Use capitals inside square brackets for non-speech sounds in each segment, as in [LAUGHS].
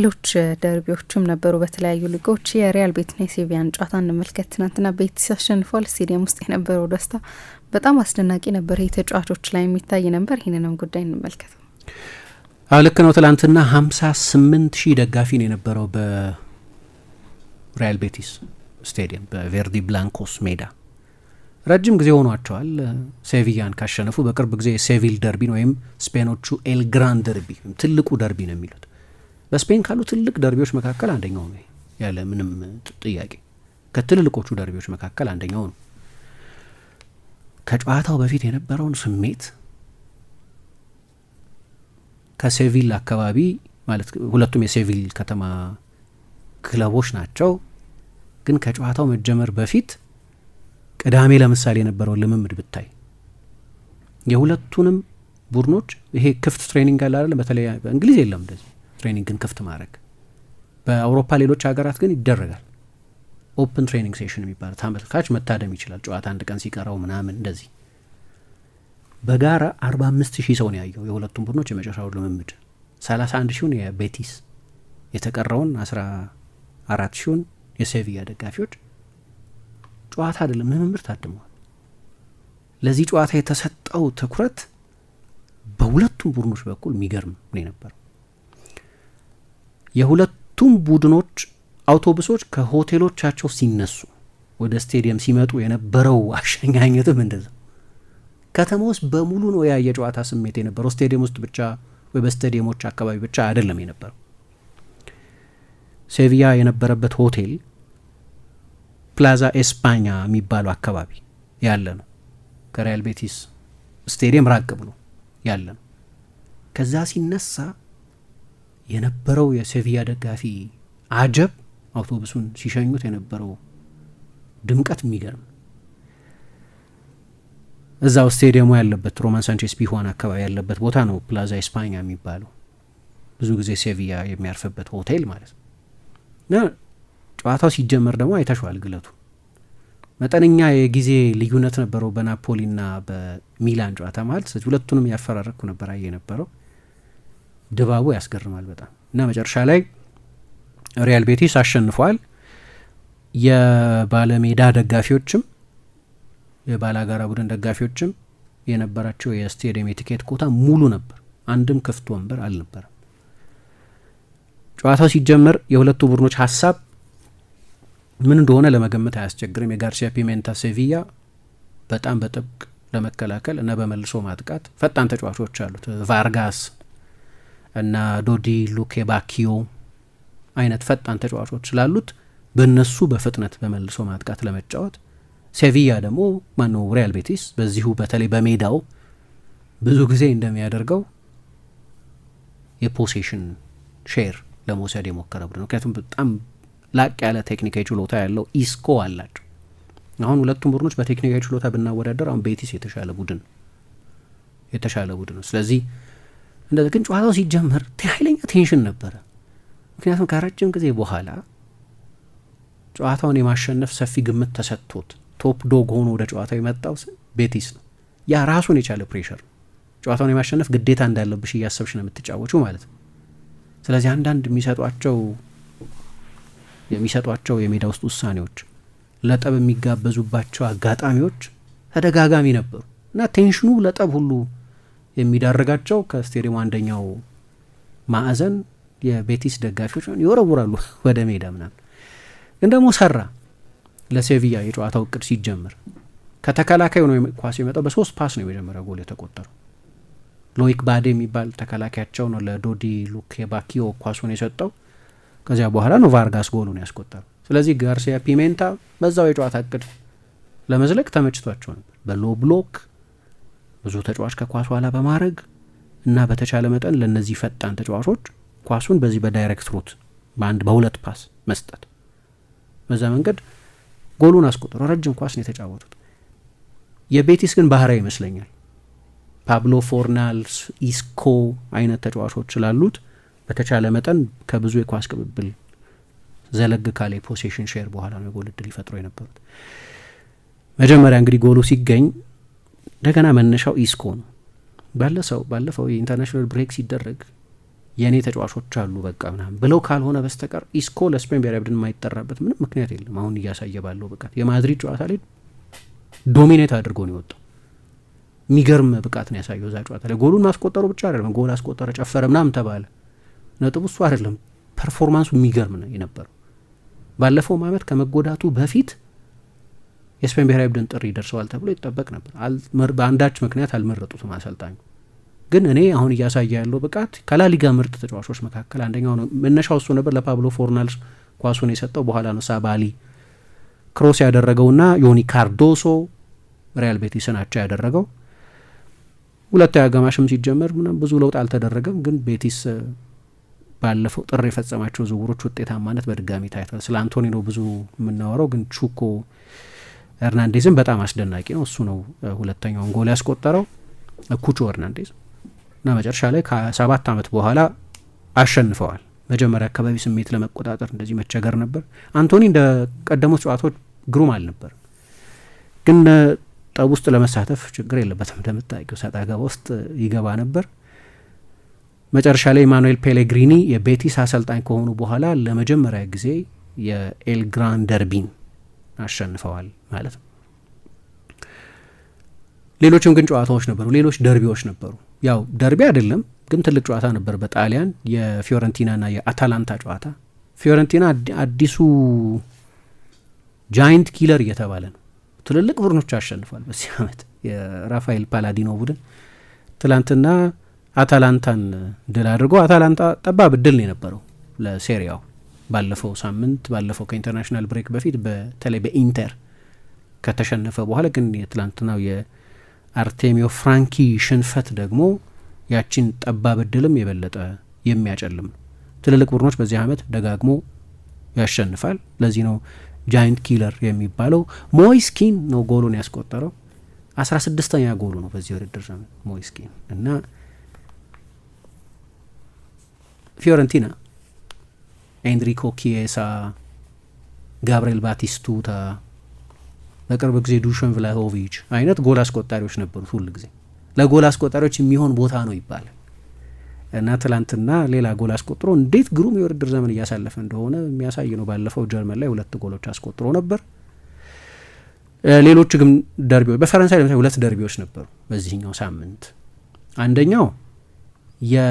ሌሎች ደርቢዎችም ነበሩ በተለያዩ ሊጎች። የሪያል ቤትና የሴቪያን ጨዋታ እንመልከት። ትናንትና ቤቲስ አሸንፏል። ስቴዲየም ውስጥ የነበረው ደስታ በጣም አስደናቂ ነበር። የተጫዋቾች ላይ የሚታይ ነበር። ይህንንም ጉዳይ እንመልከት። ልክ ነው። ትላንትና ሀምሳ ስምንት ሺህ ደጋፊ ነው የነበረው በሪያል ቤቲስ ስቴዲየም በቬርዲ ብላንኮስ ሜዳ። ረጅም ጊዜ ሆኗቸዋል ሴቪያን ካሸነፉ። በቅርብ ጊዜ የሴቪል ደርቢን ወይም ስፔኖቹ ኤል ግራን ደርቢ ትልቁ ደርቢ ነው የሚሉት በስፔን ካሉ ትልቅ ደርቢዎች መካከል አንደኛው ነው፣ ያለ ምንም ጥያቄ ከትልልቆቹ ደርቢዎች መካከል አንደኛው ነው። ከጨዋታው በፊት የነበረውን ስሜት ከሴቪል አካባቢ ማለት ሁለቱም የሴቪል ከተማ ክለቦች ናቸው፣ ግን ከጨዋታው መጀመር በፊት ቅዳሜ ለምሳሌ የነበረውን ልምምድ ብታይ የሁለቱንም ቡድኖች ይሄ ክፍት ትሬኒንግ አለ አይደለም። በተለይ በእንግሊዝ የለም እንደዚህ ትሬኒንግን ክፍት ማድረግ። በአውሮፓ ሌሎች ሀገራት ግን ይደረጋል። ኦፕን ትሬኒንግ ሴሽን የሚባል ተመልካች መታደም ይችላል። ጨዋታ አንድ ቀን ሲቀረው ምናምን እንደዚህ በጋራ 45 ሺህ ሰው ነው ያየው የሁለቱም ቡድኖች የመጨረሻውን ልምምድ አንድ ሺሁን የቤቲስ የተቀረውን 14 ሺሁን የሴቪያ ደጋፊዎች ጨዋታ አይደለም ልምምድ ታድመዋል። ለዚህ ጨዋታ የተሰጠው ትኩረት በሁለቱም ቡድኖች በኩል የሚገርም ነው የነበረው። የሁለቱም ቡድኖች አውቶቡሶች ከሆቴሎቻቸው ሲነሱ ወደ ስቴዲየም ሲመጡ የነበረው አሸኛኘትም እንደዛ ከተማ ውስጥ በሙሉ ነው ያ የጨዋታ ስሜት የነበረው። ስቴዲየም ውስጥ ብቻ ወይ በስቴዲየሞች አካባቢ ብቻ አይደለም የነበረው። ሴቪያ የነበረበት ሆቴል ፕላዛ ኤስፓኛ የሚባለው አካባቢ ያለ ነው። ከሪያል ቤቲስ ስቴዲየም ራቅ ብሎ ያለ ነው። ከዛ ሲነሳ የነበረው የሴቪያ ደጋፊ አጀብ አውቶቡሱን ሲሸኙት የነበረው ድምቀት የሚገርም እዛው ስቴዲየሙ ያለበት ሮማን ሳንቼስ ቢሆን አካባቢ ያለበት ቦታ ነው ፕላዛ ኢስፓኛ የሚባለው ብዙ ጊዜ ሴቪያ የሚያርፍበት ሆቴል ማለት ነው እና ጨዋታው ሲጀመር ደግሞ አይተሸዋል ግለቱ መጠነኛ የጊዜ ልዩነት ነበረው በናፖሊና በሚላን ጨዋታ ማለት ሁለቱንም ያፈራረኩ ነበር አየ ነበረው ድባቡ ያስገርማል በጣም እና መጨረሻ ላይ ሪያል ቤቲስ አሸንፏል። የባለሜዳ ደጋፊዎችም የባላጋራ ቡድን ደጋፊዎችም የነበራቸው የስቴዲየም የቲኬት ኮታ ሙሉ ነበር። አንድም ክፍት ወንበር አልነበረም። ጨዋታው ሲጀመር የሁለቱ ቡድኖች ሀሳብ ምን እንደሆነ ለመገመት አያስቸግርም። የጋርሲያ ፒሜንታ ሴቪያ በጣም በጥብቅ ለመከላከል እና በመልሶ ማጥቃት ፈጣን ተጫዋቾች አሉት። ቫርጋስ እና ዶዲ ሉኬ ባኪዮ አይነት ፈጣን ተጫዋቾች ስላሉት በእነሱ በፍጥነት በመልሶ ማጥቃት ለመጫወት ሴቪያ ደግሞ ማነው ሪያል ቤቲስ በዚሁ በተለይ በሜዳው ብዙ ጊዜ እንደሚያደርገው የፖሴሽን ሼር ለመውሰድ የሞከረ ቡድን ምክንያቱም በጣም ላቅ ያለ ቴክኒካዊ ችሎታ ያለው ኢስኮ አላቸው። አሁን ሁለቱም ቡድኖች በቴክኒካዊ ችሎታ ብናወዳደር አሁን ቤቲስ የተሻለ ቡድን የተሻለ ቡድን ነው። ስለዚህ እንደዚህ ግን ጨዋታው ሲጀመር ኃይለኛ ቴንሽን ነበረ። ምክንያቱም ከረጅም ጊዜ በኋላ ጨዋታውን የማሸነፍ ሰፊ ግምት ተሰጥቶት ቶፕ ዶግ ሆኖ ወደ ጨዋታው የመጣው ቤቲስ ነው። ያ ራሱን የቻለ ፕሬሽር ነው። ጨዋታውን የማሸነፍ ግዴታ እንዳለብሽ እያሰብሽ ነው የምትጫወቹ ማለት ነው። ስለዚህ አንዳንድ የሚሰጧቸው የሚሰጧቸው የሜዳ ውስጥ ውሳኔዎች፣ ለጠብ የሚጋበዙባቸው አጋጣሚዎች ተደጋጋሚ ነበሩ እና ቴንሽኑ ለጠብ ሁሉ የሚዳርጋቸው ከስቴዲየሙ አንደኛው ማዕዘን የቤቲስ ደጋፊዎች ይወረውራሉ [LAUGHS] ወደ ሜዳ ምናምን። ግን ደግሞ ሰራ ለሴቪያ የጨዋታው እቅድ ሲጀምር ከተከላካዩ ነው ኳሱ የመጣው። በሶስት ፓስ ነው የመጀመሪያው ጎል የተቆጠረው። ሎይክ ባዴ የሚባል ተከላካያቸው ነው ለዶዲ ሉኬ ባኪዮ ኳሱን የሰጠው። ከዚያ በኋላ ነው ቫርጋስ ጎሉን ያስቆጠረው። ስለዚህ ጋርሲያ ፒሜንታ በዛው የጨዋታ እቅድ ለመዝለቅ ተመችቷቸው ነበር በሎ ብሎክ ብዙ ተጫዋች ከኳስ ኋላ በማድረግ እና በተቻለ መጠን ለእነዚህ ፈጣን ተጫዋቾች ኳሱን በዚህ በዳይሬክት ሩት በአንድ በሁለት ፓስ መስጠት፣ በዛ መንገድ ጎሉን አስቆጥሮ ረጅም ኳስ ነው የተጫወቱት። የቤቲስ ግን ባህሪያ ይመስለኛል ፓብሎ ፎርናልስ፣ ኢስኮ አይነት ተጫዋቾች ስላሉት በተቻለ መጠን ከብዙ የኳስ ቅብብል ዘለግ ካለ ፖሴሽን ሼር በኋላ ነው የጎል እድል ይፈጥሮ የነበሩት። መጀመሪያ እንግዲህ ጎሉ ሲገኝ እንደገና መነሻው ኢስኮ ነው። ባለ ሰው ባለፈው የኢንተርናሽናል ብሬክ ሲደረግ የእኔ ተጫዋቾች አሉ በቃ ምናም ብለው ካልሆነ በስተቀር ኢስኮ ለስፔን ብሔራዊ ቡድን የማይጠራበት ምንም ምክንያት የለም። አሁን እያሳየ ባለው ብቃት የማድሪድ ጨዋታ ላይ ዶሚኔት አድርጎ ነው የወጣው። የሚገርም ብቃት ነው ያሳየው እዛ ጨዋታ ላይ። ጎሉን ማስቆጠሩ ብቻ አይደለም፣ ጎል አስቆጠረ፣ ጨፈረ፣ ምናም ተባለ። ነጥቡ እሱ አይደለም፣ ፐርፎርማንሱ የሚገርም ነው የነበረው። ባለፈውም አመት ከመጎዳቱ በፊት የስፔን ብሔራዊ ቡድን ጥሪ ደርሰዋል ተብሎ ይጠበቅ ነበር። በአንዳች ምክንያት አልመረጡትም አሰልጣኙ። ግን እኔ አሁን እያሳየ ያለው ብቃት ከላሊጋ ምርጥ ተጫዋቾች መካከል አንደኛው ነው። መነሻው እሱ ነበር። ለፓብሎ ፎርናልስ ኳሱን የሰጠው በኋላ ነው ሳባሊ ክሮስ ያደረገውና ዮኒ ካርዶሶ ሪያል ቤቲስን አቻ ያደረገው። ሁለተኛው አጋማሽም ሲጀመር ብዙ ለውጥ አልተደረገም። ግን ቤቲስ ባለፈው ጥር የፈጸማቸው ዝውውሮች ውጤታማነት በድጋሚ ታይቷል። ስለ አንቶኒ ነው ብዙ የምናወራው፣ ግን ቹኮ ኤርናንዴዝም በጣም አስደናቂ ነው። እሱ ነው ሁለተኛውን ጎል ያስቆጠረው ኩቾ ኤርናንዴዝ እና መጨረሻ ላይ ከሰባት ዓመት በኋላ አሸንፈዋል። መጀመሪያ አካባቢ ስሜት ለመቆጣጠር እንደዚህ መቸገር ነበር። አንቶኒ እንደ ቀደሙት ጨዋታዎች ግሩም አልነበር፣ ግን ጠብ ውስጥ ለመሳተፍ ችግር የለበትም። እንደምታውቂው ሰጣ ገባ ውስጥ ይገባ ነበር። መጨረሻ ላይ ኢማኑኤል ፔሌግሪኒ የቤቲስ አሰልጣኝ ከሆኑ በኋላ ለመጀመሪያ ጊዜ የኤል ግራን ደርቢን አሸንፈዋል። ማለት ነው። ሌሎችም ግን ጨዋታዎች ነበሩ፣ ሌሎች ደርቢዎች ነበሩ። ያው ደርቢ አይደለም ግን ትልቅ ጨዋታ ነበር በጣሊያን የፊዮረንቲናና የአታላንታ ጨዋታ። ፊዮረንቲና አዲሱ ጃይንት ኪለር እየተባለ ነው። ትልልቅ ቡድኖች አሸንፏል በዚህ ዓመት [LAUGHS] የራፋኤል ፓላዲኖ ቡድን ትላንትና አታላንታን ድል አድርጎ አታላንታ ጠባብ እድል ነው የነበረው ለሴሪያው ባለፈው ሳምንት ባለፈው ከኢንተርናሽናል ብሬክ በፊት በተለይ በኢንተር ከተሸነፈ በኋላ ግን የትላንትናው የአርቴሚዮ ፍራንኪ ሽንፈት ደግሞ ያቺን ጠባብ እድልም የበለጠ የሚያጨልም ነው። ትልልቅ ቡድኖች በዚህ ዓመት ደጋግሞ ያሸንፋል። ለዚህ ነው ጃይንት ኪለር የሚባለው። ሞይስኪን ነው ጎሉን ያስቆጠረው። አስራ ስድስተኛ ጎሉ ነው በዚህ ውድድር ዘመን ሞይስኪን እና ፊዮረንቲና ኤንሪኮ ኪየሳ፣ ጋብርኤል ባቲስቱታ በቅርብ ጊዜ ዱሽን ቭላሆቪች አይነት ጎል አስቆጣሪዎች ነበሩት። ሁል ጊዜ ለጎል አስቆጣሪዎች የሚሆን ቦታ ነው ይባላል እና ትላንትና ሌላ ጎል አስቆጥሮ እንዴት ግሩም የውድድር ዘመን እያሳለፈ እንደሆነ የሚያሳይ ነው። ባለፈው ጀርመን ላይ ሁለት ጎሎች አስቆጥሮ ነበር። ሌሎች ግን ደርቢዎች በፈረንሳይ ለምሳሌ ሁለት ደርቢዎች ነበሩ በዚህኛው ሳምንት። አንደኛው የደርቢ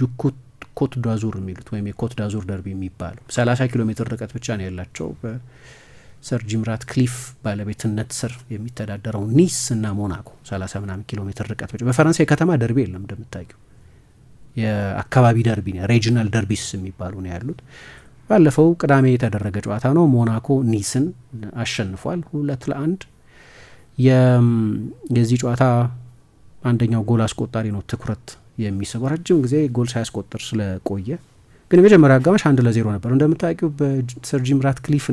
ዱኩት ኮት ዳዙር የሚሉት ወይም የኮት ዳዙር ደርቢ የሚባለው ሰላሳ ኪሎ ሜትር ርቀት ብቻ ነው ያላቸው ሰር ጂም ክሊፍ ባለቤትነት ስር የሚተዳደረው ኒስ እና ሞናኮ 30 ምናምን ኪሎ ሜትር ርቀት ውጭ በፈረንሳይ ከተማ ደርቢ የለም። እንደምታዩ፣ የአካባቢ ደርቢ ሬጂናል ደርቢስ የሚባሉ ነው ያሉት። ባለፈው ቅዳሜ የተደረገ ጨዋታ ነው። ሞናኮ ኒስን አሸንፏል ሁለት ለአንድ። የዚህ ጨዋታ አንደኛው ጎል አስቆጣሪ ነው ትኩረት የሚስበው ረጅም ጊዜ ጎል ሳያስቆጥር ስለቆየ ግን የመጀመሪያ አጋማሽ አንድ ለዜሮ ነበር እንደምታውቂው በሰር ጂም ራትክሊፍ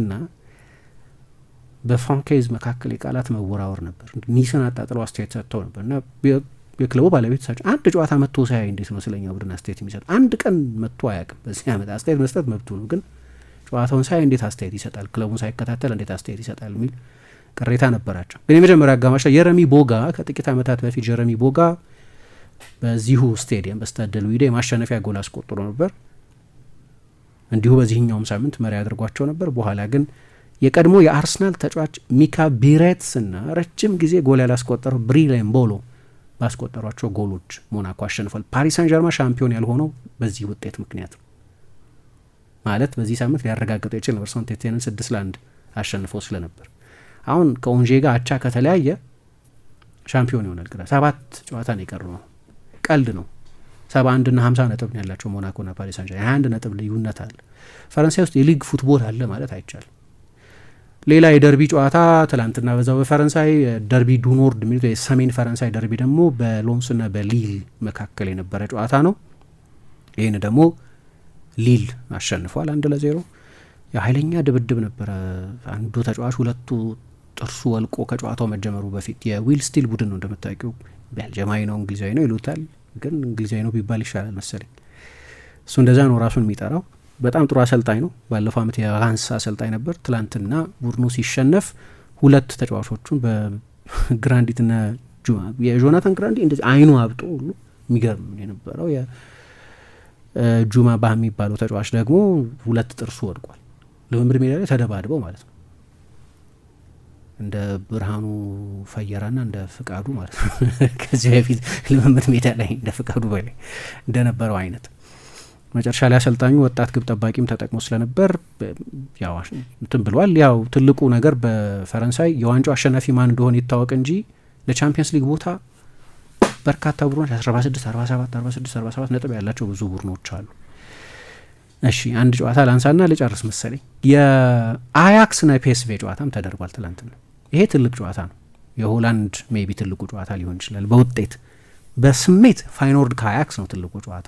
በፍራንኬዝ መካከል የቃላት መወራወር ነበር። ኒስን አጣጥለው አስተያየት ሰጥተው ነበር እና የክለቡ ባለቤት ሳቸው አንድ ጨዋታ መጥቶ ሳያይ እንዴት ነው ስለኛ ቡድን አስተያየት የሚሰጥ? አንድ ቀን መጥቶ አያውቅም። በዚህ ዓመት አስተያየት መስጠት መብቱ ነው፣ ግን ጨዋታውን ሳያይ እንዴት አስተያየት ይሰጣል? ክለቡን ሳይከታተል እንዴት አስተያየት ይሰጣል? የሚል ቅሬታ ነበራቸው። ግን የመጀመሪያ አጋማሽ ላይ የረሚ ቦጋ ከጥቂት ዓመታት በፊት ጀረሚ ቦጋ በዚሁ ስቴዲየም በስታድ ሉዊደ የማሸነፊያ ጎል አስቆጥሮ ነበር። እንዲሁ በዚህኛውም ሳምንት መሪ አድርጓቸው ነበር። በኋላ ግን የቀድሞ የአርሰናል ተጫዋች ሚካ ቢሬትስና ረጅም ጊዜ ጎል ያላስቆጠረው ብሪሌን ቦሎ ባስቆጠሯቸው ጎሎች ሞናኮ አሸንፏል። ፓሪስ ሳን ጀርማ ሻምፒዮን ያልሆነው በዚህ ውጤት ምክንያት ነው ማለት በዚህ ሳምንት ሊያረጋግጠው ይችል ነበር፣ ሳንቴቴንን ስድስት ለአንድ አሸንፎ ስለነበር። አሁን ከኦንዤ ጋር አቻ ከተለያየ ሻምፒዮን ይሆናል። ግዳ ሰባት ጨዋታ ነው የቀሩ ነው። ቀልድ ነው። ሰባ ና ሀምሳ ነጥብ ነው ያላቸው ና ፓሪስ ሳን ጀርማ። ሀያ አንድ ነጥብ ልዩነት አለ። ፈረንሳይ ውስጥ የሊግ ፉትቦል አለ ማለት አይቻልም። ሌላ የደርቢ ጨዋታ ትላንትና በዛው በፈረንሳይ ደርቢ ዱኖርድ የሚሉት የሰሜን ፈረንሳይ ደርቢ ደግሞ በሎንስና በሊል መካከል የነበረ ጨዋታ ነው። ይህን ደግሞ ሊል አሸንፏል አንድ ለዜሮ። የኃይለኛ ድብድብ ነበረ። አንዱ ተጫዋች ሁለቱ ጥርሱ ወልቆ ከጨዋታው መጀመሩ በፊት የዊል ስቲል ቡድን ነው እንደምታውቂው። ቤልጅማዊ ነው እንግሊዛዊ ነው ይሉታል፣ ግን እንግሊዛዊ ነው ቢባል ይሻላል መሰለኝ። እሱ እንደዛ ነው ራሱን የሚጠራው በጣም ጥሩ አሰልጣኝ ነው። ባለፈው አመት የራንስ አሰልጣኝ ነበር። ትላንትና ቡድኑ ሲሸነፍ ሁለት ተጫዋቾቹን በግራንዲትና [LAUGHS] የጆናታን ግራንዲ እንደዚህ አይኑ አብጦ ሁሉ የሚገርም የነበረው የጁማ ባህ የሚባለው ተጫዋች ደግሞ ሁለት ጥርሱ ወድቋል። ልምምድ ሜዳ ላይ ተደባድበው ማለት ነው። እንደ ብርሃኑ ፈየራና እንደ ፍቃዱ ማለት ነው። [LAUGHS] ከዚህ በፊት ልምምድ ሜዳ ላይ እንደ ፍቃዱ በላይ እንደነበረው አይነት መጨረሻ ላይ አሰልጣኙ ወጣት ግብ ጠባቂም ተጠቅሞ ስለነበር ያው እንትን ብሏል። ያው ትልቁ ነገር በፈረንሳይ የዋንጫው አሸናፊ ማን እንደሆነ ይታወቅ እንጂ ለቻምፒየንስ ሊግ ቦታ በርካታ ቡድኖች 46፣ 47፣ 46፣ 47 ነጥብ ያላቸው ብዙ ቡድኖች አሉ። እሺ አንድ ጨዋታ ላንሳና ልጨርስ መሰለኝ። የአያክስና ፒኤስቪ ጨዋታም ተደርጓል ትላንትና። ይሄ ትልቅ ጨዋታ ነው። የሆላንድ ሜቢ ትልቁ ጨዋታ ሊሆን ይችላል በውጤት በስሜት ፋይኖርድ ከአያክስ ነው ትልቁ ጨዋታ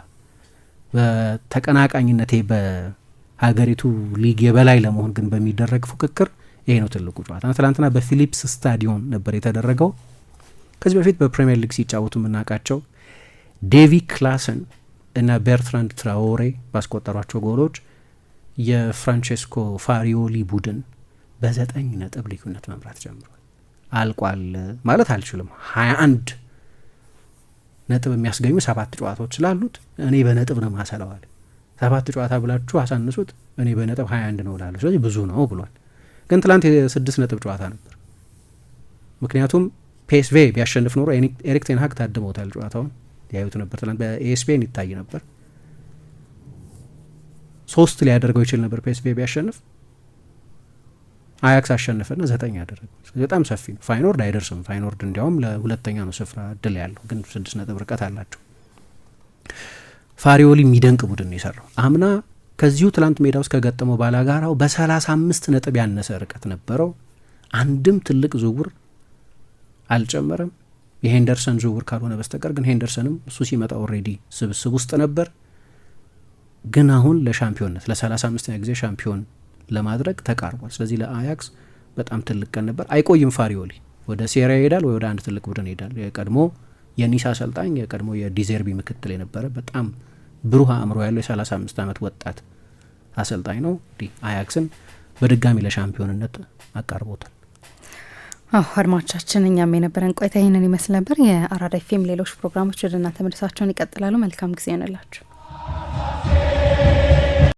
በተቀናቃኝነቴ በሀገሪቱ ሊግ የበላይ ለመሆን ግን በሚደረግ ፉክክር ይሄ ነው ትልቁ ጨዋታ። ትናንትና በፊሊፕስ ስታዲዮን ነበር የተደረገው። ከዚህ በፊት በፕሪምየር ሊግ ሲጫወቱ የምናውቃቸው ዴቪ ክላሰን እና ቤርትራንድ ትራዎሬ ባስቆጠሯቸው ጎሎች የፍራንቼስኮ ፋሪዮሊ ቡድን በዘጠኝ ነጥብ ልዩነት መምራት ጀምሯል። አልቋል ማለት አልችልም። አንድ ነጥብ የሚያስገኙ ሰባት ጨዋታዎች ስላሉት እኔ በነጥብ ነው ማሰለዋል። ሰባት ጨዋታ ብላችሁ አሳንሱት፣ እኔ በነጥብ ሀያ አንድ ነው ላለ ስለዚህ ብዙ ነው ብሏል። ግን ትላንት የስድስት ነጥብ ጨዋታ ነበር። ምክንያቱም ፔስቬ ቢያሸንፍ ኖሮ ኤሪክ ቴንሃግ ታድመውታል። ጨዋታውን ያዩት ነበር። ትላንት በኤስፔን ይታይ ነበር። ሶስት ሊያደርገው ይችል ነበር ፔስቬ ቢያሸንፍ አያክስ አሸነፈና ዘጠኝ ያደረገ በጣም ሰፊ ነው። ፋይኖርድ አይደርስም። ፋይኖርድ እንዲያውም ለሁለተኛ ነው ስፍራ እድል ያለው ግን ስድስት ነጥብ ርቀት አላቸው። ፋሪዮሊ የሚደንቅ ቡድን ነው የሰራው። አምና ከዚሁ ትላንት ሜዳ ውስጥ ከገጠመው ባላጋራው በ አምስት ነጥብ ያነሰ ርቀት ነበረው። አንድም ትልቅ ዝውውር አልጨመረም የሄንደርሰን ዝውውር ካልሆነ በስተቀር ግን ሄንደርሰንም እሱ ሲመጣ ኦልሬዲ ስብስብ ውስጥ ነበር። ግን አሁን ለሻምፒዮንነት ለ 35 አምስተኛ ጊዜ ሻምፒዮን ለማድረግ ተቃርቧል። ስለዚህ ለአያክስ በጣም ትልቅ ቀን ነበር። አይቆይም ፋሪዮሊ ወደ ሴሪያ ይሄዳል ወይ ወደ አንድ ትልቅ ቡድን ይሄዳል። የቀድሞ የኒስ አሰልጣኝ የቀድሞ የዲዘርቢ ምክትል የነበረ በጣም ብሩህ አእምሮ ያለው የ35 ዓመት ወጣት አሰልጣኝ ነው። እንዲህ አያክስን በድጋሚ ለሻምፒዮንነት አቃርቦታል። አሁ አድማቻችን፣ እኛም የነበረን ቆይታ ይህንን ይመስል ነበር። የአራዳ ኤፍ ኤም ሌሎች ፕሮግራሞች ወደ እናንተ መድረሳቸውን ይቀጥላሉ። መልካም ጊዜ ይሆንላችሁ።